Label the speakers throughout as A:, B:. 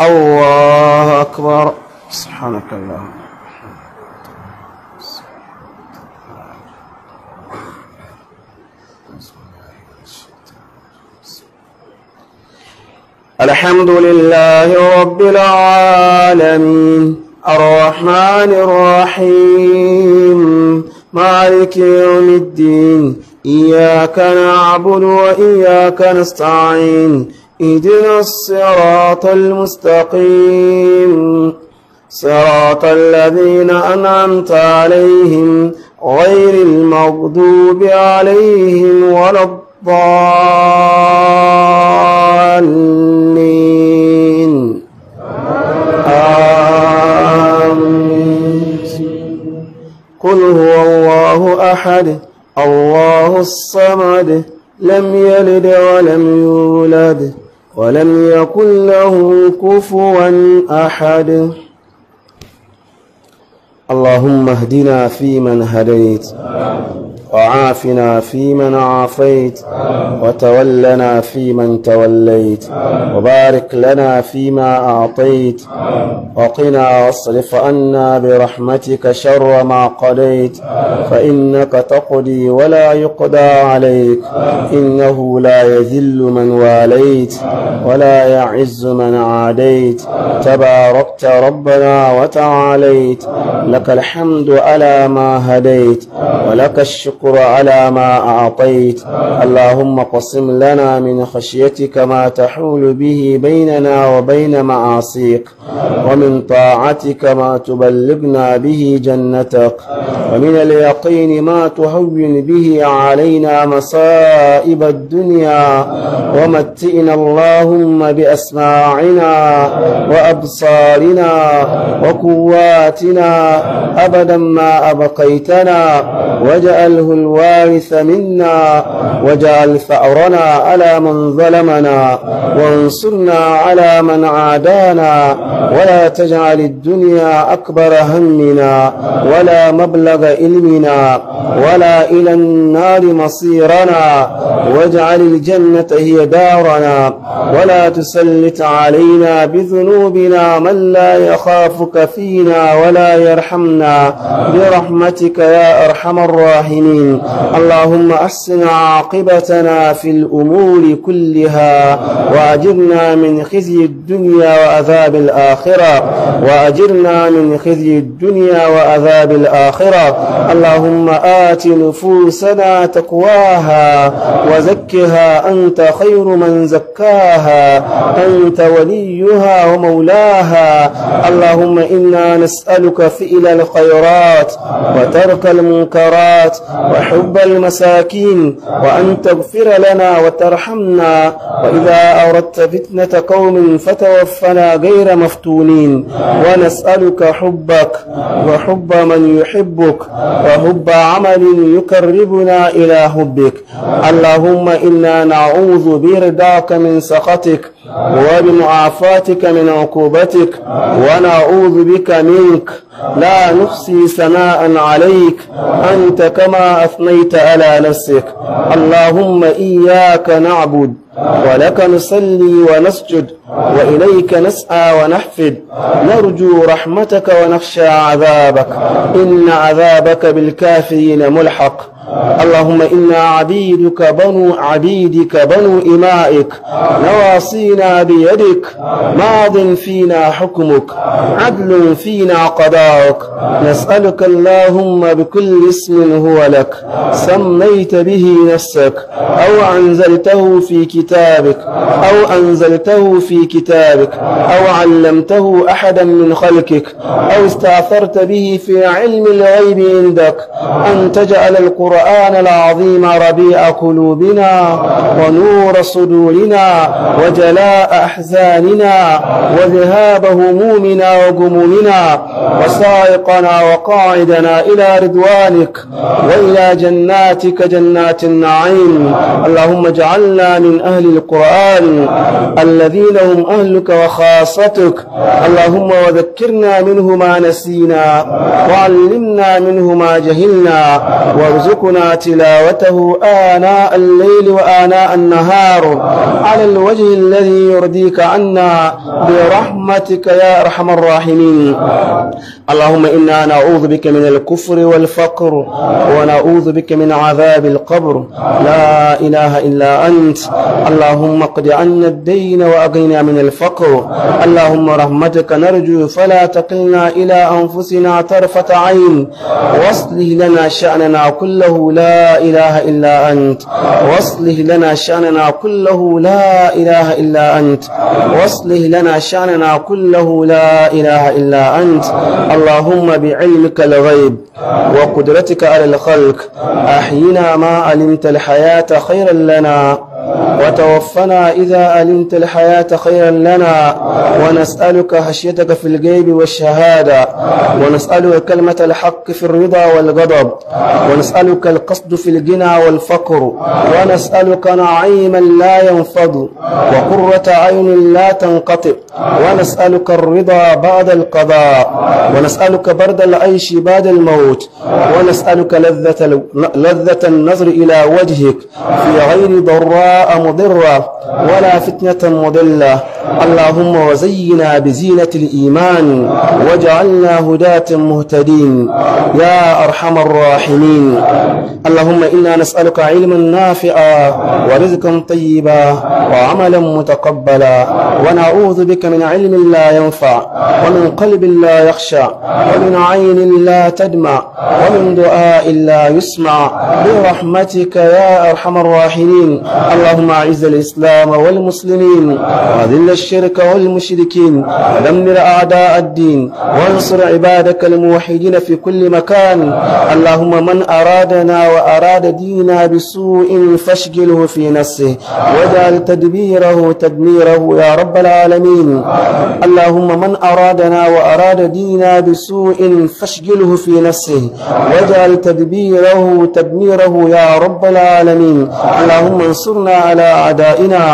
A: الله أكبر سبحانك اللهم الحمد لله رب العالمين الرحمن الرحيم مالك يوم الدين إياك نعبد وإياك نستعين اهدنا الصراط المستقيم صراط الذين أنعمت عليهم غير المغضوب عليهم ولا الضالين آمين قل هو الله أحد الله الصمد لم يلد ولم يولد ولم يكن له كفوا أحد اللهم اهدنا فيمن هديت وعافنا فيمن عافيت وتولنا فيمن توليت وبارك لنا فيما أعطيت وقنا واصرف عنا برحمتك شر ما قضيت فإنك تقضي ولا يقضى عليك إنه لا يذل من واليت ولا يعز من عاديت تباركت ربنا وتعاليت لك الحمد على ما هديت ولك الشكر والشكر على ما أعطيت اللهم قسم لنا من خشيتك ما تحول به بيننا وبين معاصيك ومن طاعتك ما تبلغنا به جنتك ومن اليقين ما تهون به علينا مصائب الدنيا ومتئنا اللهم بأسماعنا وأبصارنا وقواتنا أبدا ما أبقيتنا وجعله واجعله الوارث منا واجعل ثأرنا على من ظلمنا وانصرنا على من عادانا ولا تجعل الدنيا أكبر همنا ولا مبلغ علمنا ولا إلى النار مصيرنا واجعل الجنة هي دارنا ولا تسلط علينا بذنوبنا من لا يخافك فينا ولا يرحمنا برحمتك يا أرحم الراحمين العالمين اللهم أحسن عاقبتنا في الأمور كلها وأجرنا من خزي الدنيا وعذاب الآخرة وأجرنا من خزي الدنيا وعذاب الآخرة اللهم آت نفوسنا تقواها وزكها أنت خير من زكاها أنت وليها ومولاها اللهم إنا نسألك فئل الخيرات وترك المنكرات وحب المساكين وأن تغفر لنا وترحمنا وإذا أردت فتنة قوم فتوفنا غير مفتونين ونسألك حبك وحب من يحبك وحب عمل يقربنا إلى حبك اللهم إنا نعوذ برضاك من سخطك وبمعافاتك من عقوبتك ونعوذ بك منك لا نحصي ثناء عليك أنت كما أثنيت على نفسك اللهم إياك نعبد ولك نصلي ونسجد وإليك نسعى ونحفد نرجو رحمتك ونخشى عذابك إن عذابك بالكافرين ملحق اللهم إنا عبيدك بنو عبيدك بنو إمائك نواصينا بيدك ماض فينا حكمك عدل فينا قضاؤك نسألك اللهم بكل اسم هو لك سميت به نفسك أو أنزلته في كتابك أو أنزلته في كتابك أو علمته أحدا من خلقك أو استعثرت به في علم الغيب عندك أن تجعل القرآن القرآن العظيم ربيع قلوبنا ونور صدورنا وجلاء أحزاننا وذهاب همومنا وغمومنا وسائقنا وقاعدنا إلى رضوانك وإلى جناتك جنات النعيم اللهم اجعلنا من أهل القرآن الذين هم أهلك وخاصتك اللهم وذكرنا منه ما نسينا وعلمنا منه ما جهلنا وارزقنا ربنا تلاوته آناء الليل وآناء النهار على الوجه الذي يرضيك عنا برحمتك يا أرحم الراحمين اللهم إنا نعوذ بك من الكفر والفقر ونعوذ بك من عذاب القبر لا إله إلا أنت اللهم اقض عنا الدين وأقنا من الفقر اللهم رحمتك نرجو فلا تقلنا إلى أنفسنا طرفة عين واصلح لنا شأننا كله لا إله إلا أنت واصلح لنا شأننا كله لا إله إلا أنت واصلح لنا شأننا كله لا إله إلا أنت اللهم بعلمك الغيب وقدرتك على الخلق أحينا ما علمت الحياة خيرا لنا وتوفنا إذا ألمت الحياة خيرا لنا ونسألك خشيتك في الغيب والشهادة ونسألك كلمة الحق في الرضا والغضب ونسألك القصد في الغنى والفقر ونسألك نعيما لا ينفض وقرة عين لا تنقطع ونسألك الرضا بعد القضاء ونسألك برد العيش بعد الموت ونسألك لذة, لذة النظر إلى وجهك في غير ضراء مضرة ولا فتنة مضلة اللهم وزينا بزينة الإيمان واجعلنا هداة مهتدين يا أرحم الراحمين اللهم إنا نسألك علما نافعا ورزقا طيبا وعملا متقبلا ونعوذ بك من علم لا ينفع ومن قلب لا يخشى ومن عين لا تدمع ومن دعاء لا يسمع برحمتك يا أرحم الراحمين اللهم أعز الإسلام والمسلمين وذل الشرك والمشركين دمر أعداء الدين وانصر عبادك الموحدين في كل مكان اللهم من أرادنا وأراد ديننا بسوء فاشغله في نفسه واجعل تدبيره تدميره يا رب العالمين اللهم من أرادنا وأراد ديننا بسوء فاشغله في نفسه واجعل تدبيره تدميره يا رب العالمين اللهم انصرنا على أعدائنا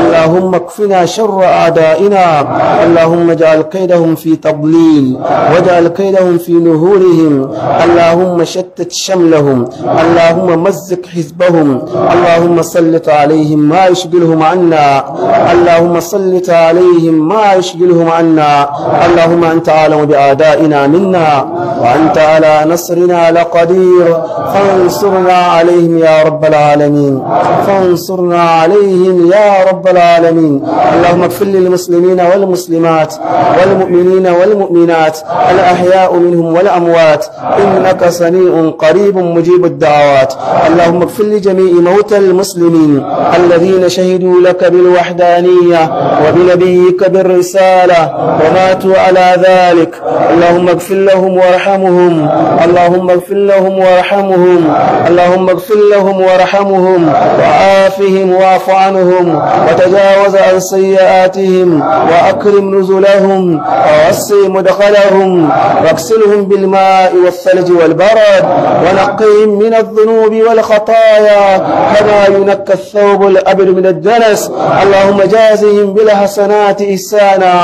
A: اللهم اكفنا شر أعدائنا اللهم اجعل كيدهم في تضليل واجعل كيدهم في نهورهم اللهم شتت شملهم اللهم مزق حزبهم اللهم سلط عليهم ما يشغلهم عنا اللهم سلط عليهم ما يشغلهم عنا اللهم أنت أعلم بأعدائنا منا وأنت على نصرنا لقدير فانصرنا عليهم يا رب العالمين فانصرنا عليهم يا رب العالمين اللهم اغفر للمسلمين والمسلمات والمؤمنين والمؤمنات الأحياء منهم والأموات إنك سميع قريب مجيب الدعوات اللهم اغفر لجميع موتى المسلمين الذين شهدوا لك بالوحدانية وبنبيك بالرسالة وماتوا على ذلك اللهم اغفر لهم وارحمهم وارحمهم اللهم اغفر لهم وارحمهم اللهم اغفر لهم وارحمهم وعافهم واعف عنهم وتجاوز عن سيئاتهم وأكرم نزلهم ووسع مدخلهم واغسلهم بالماء والثلج والبرد ونقهم من الذنوب والخطايا كما ينكى الثوب الأبد من الدنس اللهم جازهم بالحسنات إحسانا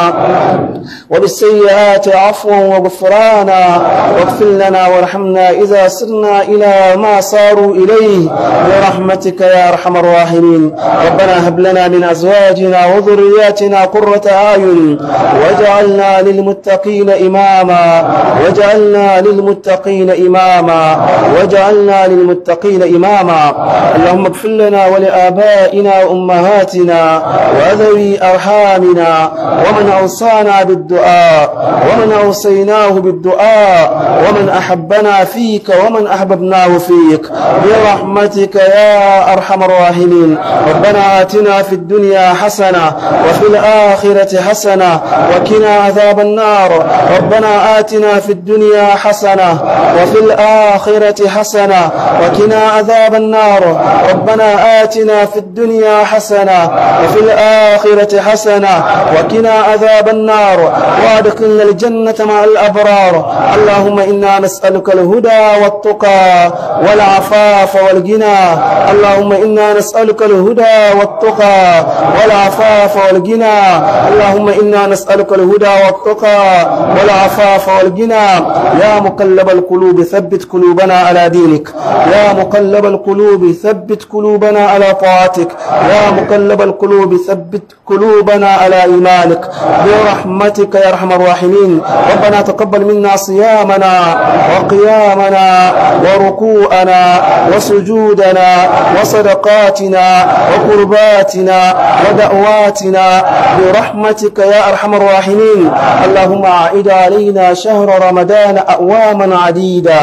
A: وبالسيئات عفوا وغفرانا واغفر لنا وارحمنا إذا سرنا إلى ما صاروا إليه برحمتك يا أرحم الراحمين ربنا هب لنا من أزواجنا وذرياتنا قرة أعين واجعلنا للمتقين إماما واجعلنا للمتقين إماما واجعلنا للمتقين إماما اللهم اغفر لنا ولآبائنا وأمهاتنا وذوي أرحامنا ومن أوصانا بالدعاء ومن أوصيناه بالدعاء ومن أحبنا فيك ومن أحببناه فيك برحمتك يا أرحم الراحمين ربنا آتنا في الدنيا حسنة وفي الآخرة حسنة وكنا عذاب النار ربنا آتنا في الدنيا حسنة وفي الآخرة حسنة وكنا عذاب النار ربنا آتنا في الدنيا حسنة وفي الآخرة حسنة وكنا عذاب النار وادخلنا الجنة مع الأبرار اللهم إنا نسألك الهدى والتقى والعفاف والغنى اللهم إنا نسألك الهدى والتقى والعفاف والغنى اللهم إنا نسألك الهدى والتقى والعفاف والغنى يا مقلب القلوب ثبت قلوبنا على دينك يا مقلب القلوب ثبت قلوبنا على طاعتك يا مقلب القلوب ثبت قلوبنا على إيمانك برحمتك يا أرحم الراحمين ربنا تقبل منا صيام قيامنا وقيامنا وركوعنا وسجودنا وصدقاتنا وقرباتنا ودعواتنا برحمتك يا أرحم الراحمين اللهم أعد علينا شهر رمضان أعواما عديدة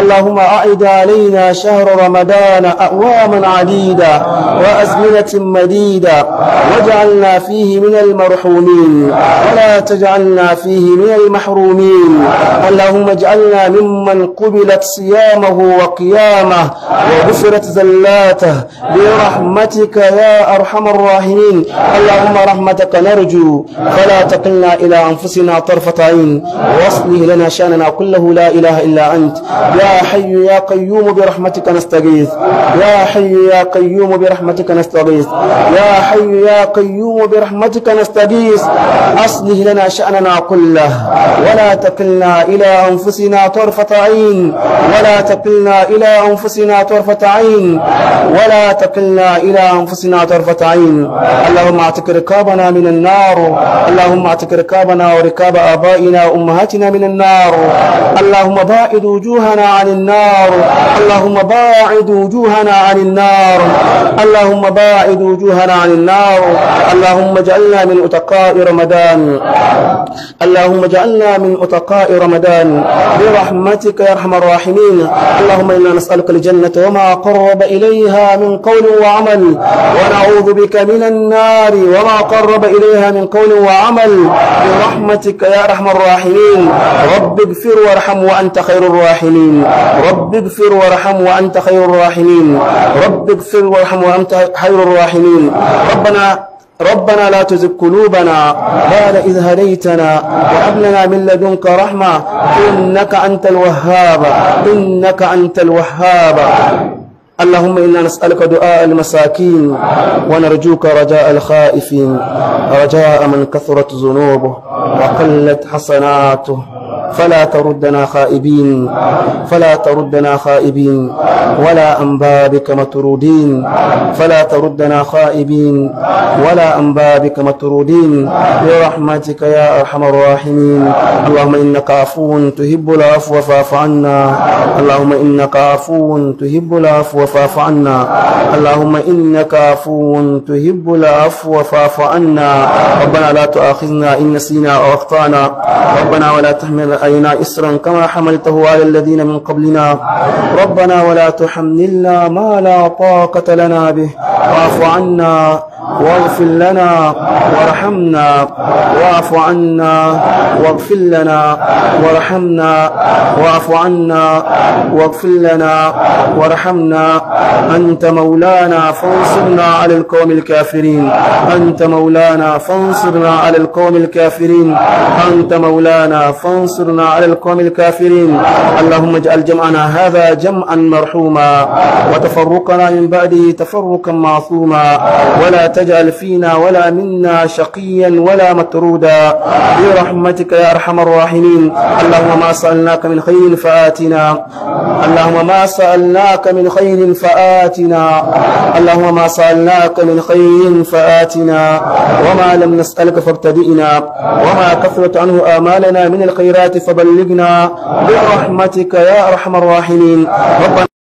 A: اللهم أعد علينا شهر رمضان أعواما عديدة وأزمنة مديدة واجعلنا فيه من المرحومين ولا تجعلنا فيه من المحرومين اللهم اجعلنا ممن قبلت صيامه وقيامه وغفرت زلاته برحمتك يا أرحم الراحمين اللهم رحمتك نرجو فلا تقلنا إلى أنفسنا طرفة عين واصله لنا شأننا كله لا إله إلا أنت يا حي يا قيوم برحمتك نستغيث يا حي يا قيوم برحمتك نستغيث يا حي يا قيوم برحمتك نستغيث أصله لنا شأننا كله ولا تقلنا إلى إلى أنفسنا طرفة عين ولا تكلنا إلى أنفسنا طرفة عين ولا تكلنا إلى أنفسنا طرفة عين اللهم اعتق رقابنا من النار اللهم اعتق رقابنا ورقاب آبائنا وأمهاتنا من النار اللهم باعد وجوهنا عن النار اللهم باعد وجوهنا عن النار اللهم باعد وجوهنا عن النار اللهم اجعلنا من أتقاء رمضان اللهم اجعلنا من أتقاء رمضان القرآن برحمتك يا أرحم الراحمين اللهم إنا نسألك الجنة وما قرب إليها من قول وعمل ونعوذ بك من النار وما قرب إليها من قول وعمل برحمتك يا أرحم الراحمين رب اغفر وارحم وأنت خير الراحمين رب اغفر وارحم وأنت خير الراحمين رب اغفر وارحم وأنت خير الراحمين ربنا ربنا لا تزغ قلوبنا بعد إذ هديتنا وهب لنا من لدنك رحمة إنك أنت الوهاب إنك أنت الوهاب اللهم إنا نسألك دعاء المساكين ونرجوك رجاء الخائفين رجاء من كثرت ذنوبه وقلت حسناته فلا تردنا خائبين فلا تردنا خائبين ولا أنبابك مترودين فلا تردنا خائبين ولا أنبابك مترودين برحمتك يا ارحم الراحمين اللهم انك عفو تهب العفو فاعف عنا اللهم انك عفو تهب العفو فاعف عنا اللهم انك عفو تهب العفو فاعف عنا ربنا لا تؤاخذنا ان نسينا او اخطانا ربنا ولا تحمل علينا إسرا كما حملته على الذين من قبلنا ربنا ولا تحملنا ما لا طاقة لنا به واعف عنا واغفر لنا وارحمنا واعف عنا واغفر لنا وارحمنا واعف عنا واغفر لنا وارحمنا أنت مولانا فانصرنا على القوم الكافرين أنت مولانا فانصرنا على القوم الكافرين أنت مولانا فانصر وانصرنا على القوم الكافرين اللهم اجعل جمعنا هذا جمعا مرحوما وتفرقنا من بعده تفرقا معصوما ولا تجعل فينا ولا منا شقيا ولا مترودا برحمتك يا ارحم الراحمين اللهم ما سالناك من خير فاتنا اللهم ما سالناك من خير فاتنا اللهم ما سالناك من خير فاتنا وما لم نسالك فابتدئنا وما كثرت عنه امالنا من الخيرات فبلغنا برحمتك يا أرحم الراحمين ربنا